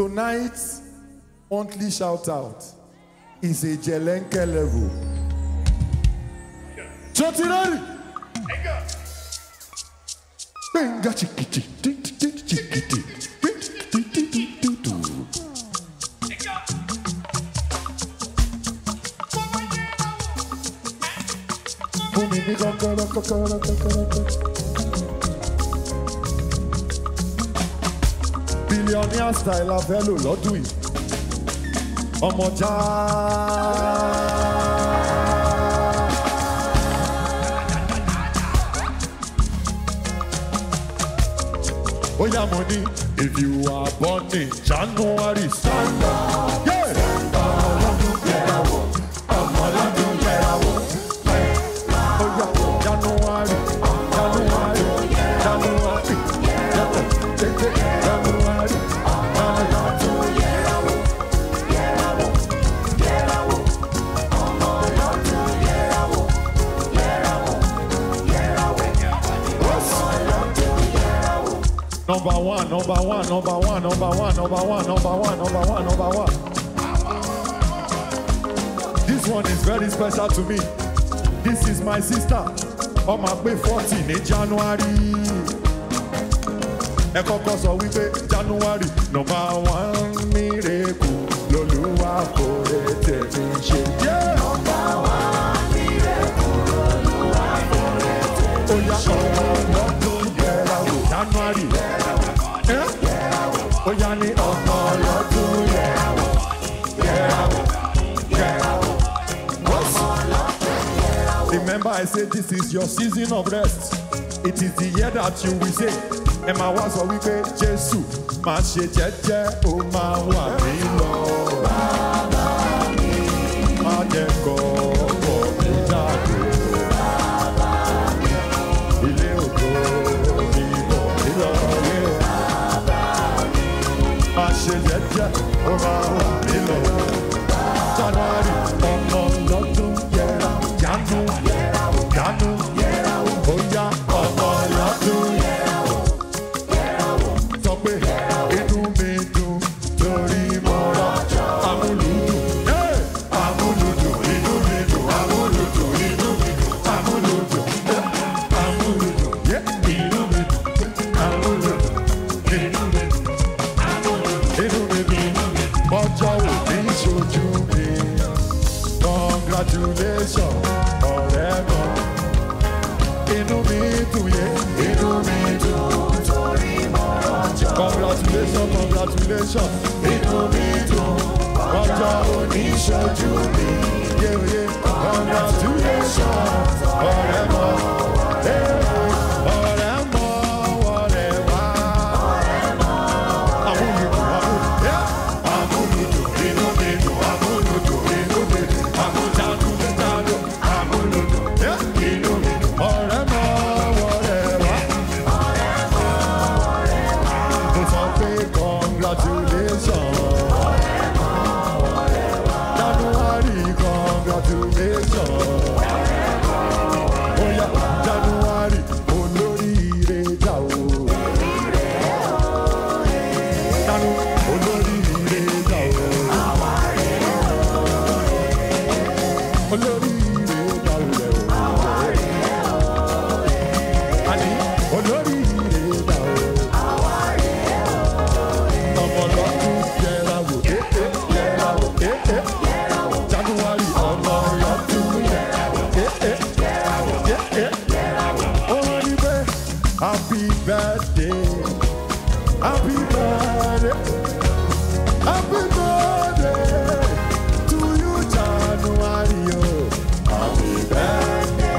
Tonight's monthly shout out is a Jelenke level. Chotinari! Benga billionaire style of hello, lò lọ́dún yìí ọmọ já. ó yá mo ní if you are born in January stand Yeah. Number one, number one, number one, number one, number one, number one, number one, number one. This one is very special to me. This is my sister. my pé fourteen in January. Ẹ kọ́kọ́ sọ wípé January number one miracle lolúwa kò lè tẹ̀lé ṣe. Number one miracle lolúwa kò lè tẹ̀lé ṣe. Ó yá ọ̀rọ̀ lọ́dún yẹra wò January ó ní ọkọ lọ́dún yẹ̀ wọ̀ yẹ̀ wọ̀ yẹ̀ wọ̀. Remember I say this is your season of rest. It is the year that you will say. Ẹ máa wá sọ wípé Jésù máa ṣe jẹ́jẹ́ ó máa wà mí Bàbá mi. Má jẹ́ kọ́. ṣe jẹ́jẹ́ ó máa wà nílẹ̀. Sanari ọmọ lọ́dún yẹra jánu jánu ó yá ọmọ lọ́dún yẹra wò. Sọ pé inú mi dùn torí mo rọ amúlùdù. Amúlùdù inú mi dùn amúlùdù inú mi dùn amúlùdù amúlùdù inú mi dùn amúlùdù inú mi dùn. inú mi dùn yé. inú mi dùn torí mo rọjò. congratulation congratulation. inú mi dùn ọjọ́ oníṣojú mi. yeye congratulation. birthday. Happy birthday. Happy birthday to you, January. Happy birthday.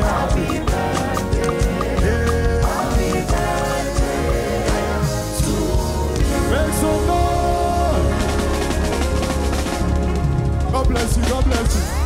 Happy birthday. Happy birthday to oh you. God bless you. God bless you.